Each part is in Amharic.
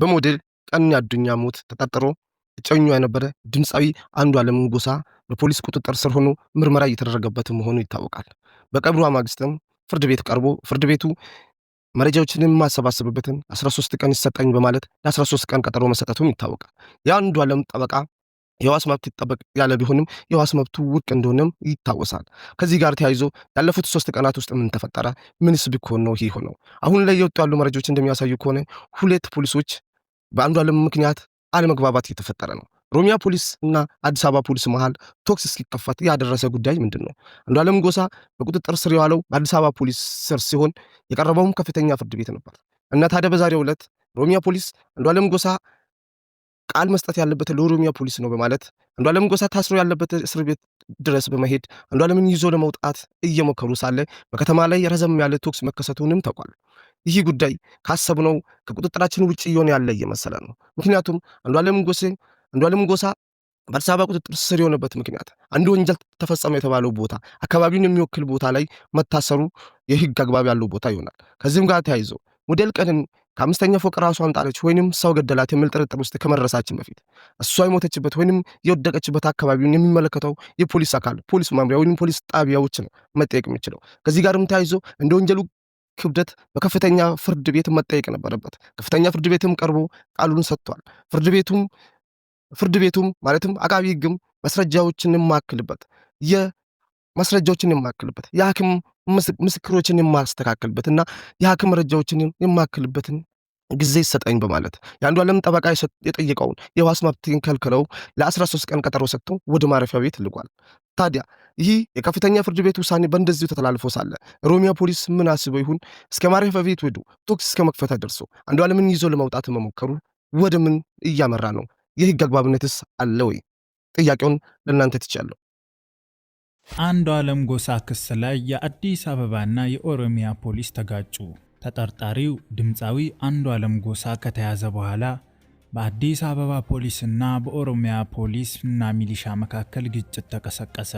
በሞዴል ቀን አዱኛ ሞት ተጠርጥሮ እጮኛዋ የነበረ ድምፃዊ አንዱዓለም ጎሳ በፖሊስ ቁጥጥር ስር ሆኖ ምርመራ እየተደረገበት መሆኑ ይታወቃል። በቀብሩ ማግስትም ፍርድ ቤት ቀርቦ ፍርድ ቤቱ መረጃዎችን የማሰባሰብበትን 13 ቀን ይሰጠኝ በማለት ለ13 ቀን ቀጠሮ መሰጠቱም ይታወቃል። የአንዱዓለም ጠበቃ የዋስ መብት ይጠበቅ ያለ ቢሆንም የዋስ መብቱ ውድቅ እንደሆነም ይታወሳል። ከዚህ ጋር ተያይዞ ያለፉት ሶስት ቀናት ውስጥ ምን ተፈጠረ? ምንስ ቢኮን ነው ይህ ሆነው? አሁን ላይ የወጡ ያሉ መረጃዎች እንደሚያሳዩ ከሆነ ሁለት ፖሊሶች በአንዱ ዓለም ምክንያት አለመግባባት እየተፈጠረ ነው። ኦሮሚያ ፖሊስ እና አዲስ አበባ ፖሊስ መሃል ቶክስ እስኪከፈት ያደረሰ ጉዳይ ምንድን ነው? አንዱ ዓለም ጎሳ በቁጥጥር ስር የዋለው በአዲስ አበባ ፖሊስ ስር ሲሆን የቀረበውም ከፍተኛ ፍርድ ቤት ነበር እና ታዲያ በዛሬው ዕለት ኦሮሚያ ፖሊስ አንዱ ዓለም ጎሳ ቃል መስጠት ያለበት ለኦሮሚያ ፖሊስ ነው በማለት አንዱ ዓለም ጎሳ ታስሮ ያለበት እስር ቤት ድረስ በመሄድ አንዱ ዓለምን ይዞ ለመውጣት እየሞከሩ ሳለ በከተማ ላይ ረዘም ያለ ቶክስ መከሰቱንም ታውቋል። ይህ ጉዳይ ካሰብነው ከቁጥጥራችን ውጭ እየሆነ ያለ እየመሰለ ነው። ምክንያቱም አንዷለም ጎሴ አንዷለም ጎሳ በአዲስ አበባ ቁጥጥር ስር የሆነበት ምክንያት አንድ ወንጀል ተፈጸመ የተባለው ቦታ አካባቢውን የሚወክል ቦታ ላይ መታሰሩ የህግ አግባብ ያለው ቦታ ይሆናል። ከዚህም ጋር ተያይዞ ሞዴል ቀንን ከአምስተኛ ፎቅ ራሷን ጣለች ወይንም ሰው ገደላት የሚል ጥርጥር ውስጥ ከመድረሳችን በፊት እሷ የሞተችበት ወይንም የወደቀችበት አካባቢውን የሚመለከተው የፖሊስ አካል ፖሊስ መምሪያ ወይም ፖሊስ ጣቢያዎች ነው መጠየቅ የሚችለው። ከዚህ ጋርም ተያይዞ እንደ ወንጀሉ ክብደት በከፍተኛ ፍርድ ቤት መጠየቅ ነበረበት። ከፍተኛ ፍርድ ቤትም ቀርቦ ቃሉን ሰጥቷል። ፍርድ ቤቱም ፍርድ ቤቱም ማለትም አቃቢ ሕግም ማስረጃዎችን የማክልበት ማስረጃዎችን የማክልበት የሐኪም ምስክሮችን የማስተካከልበት እና የሐኪም መረጃዎችን የማክልበትን ጊዜ ይሰጠኝ በማለት ዓለም ጠበቃ የጠየቀውን የዋስ መብቴን ከልክለው ለ13 ቀን ቀጠሮ ሰጥቶ ወደ ማረፊያ ቤት ልጓል። ታዲያ ይህ የከፍተኛ ፍርድ ቤት ውሳኔ በእንደዚሁ ተተላልፎ ሳለ ሮሚያ ፖሊስ ምን አስበው ይሁን እስከ ማረፊያ ቤት ወዱ ቶክስ እስከ መክፈታ ደርሶ ዓለምን ይዞ ለመውጣት መሞከሩ ወደ ምን እያመራ ነው? የህግ አግባብነትስ አለ ወይ? ጥያቄውን ለእናንተ ትቻለሁ። ዓለም ጎሳ ክስ ላይ የአዲስ አበባና የኦሮሚያ ፖሊስ ተጋጩ። ተጠርጣሪው ድምፃዊ አንዱዓለም ጎሳ ከተያዘ በኋላ በአዲስ አበባ ፖሊስና በኦሮሚያ ፖሊስ እና ሚሊሻ መካከል ግጭት ተቀሰቀሰ።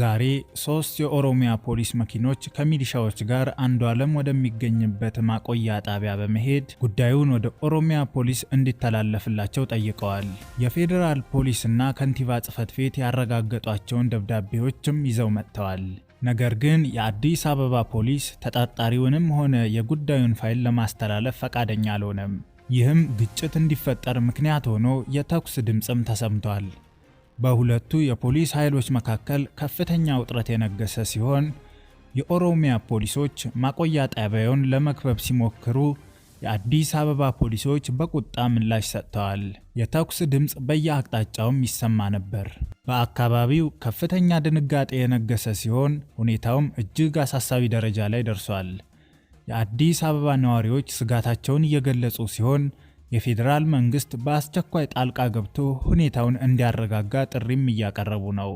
ዛሬ ሶስት የኦሮሚያ ፖሊስ መኪኖች ከሚሊሻዎች ጋር አንዱዓለም ወደሚገኝበት ማቆያ ጣቢያ በመሄድ ጉዳዩን ወደ ኦሮሚያ ፖሊስ እንዲተላለፍላቸው ጠይቀዋል። የፌዴራል ፖሊስና ከንቲባ ጽፈት ቤት ያረጋገጧቸውን ደብዳቤዎችም ይዘው መጥተዋል። ነገር ግን የአዲስ አበባ ፖሊስ ተጠርጣሪውንም ሆነ የጉዳዩን ፋይል ለማስተላለፍ ፈቃደኛ አልሆነም። ይህም ግጭት እንዲፈጠር ምክንያት ሆኖ የተኩስ ድምፅም ተሰምቷል። በሁለቱ የፖሊስ ኃይሎች መካከል ከፍተኛ ውጥረት የነገሰ ሲሆን የኦሮሚያ ፖሊሶች ማቆያ ጣቢያውን ለመክበብ ሲሞክሩ የአዲስ አበባ ፖሊሶች በቁጣ ምላሽ ሰጥተዋል። የተኩስ ድምፅ በየአቅጣጫውም ይሰማ ነበር። በአካባቢው ከፍተኛ ድንጋጤ የነገሰ ሲሆን ሁኔታውም እጅግ አሳሳቢ ደረጃ ላይ ደርሷል። የአዲስ አበባ ነዋሪዎች ስጋታቸውን እየገለጹ ሲሆን የፌዴራል መንግስት በአስቸኳይ ጣልቃ ገብቶ ሁኔታውን እንዲያረጋጋ ጥሪም እያቀረቡ ነው።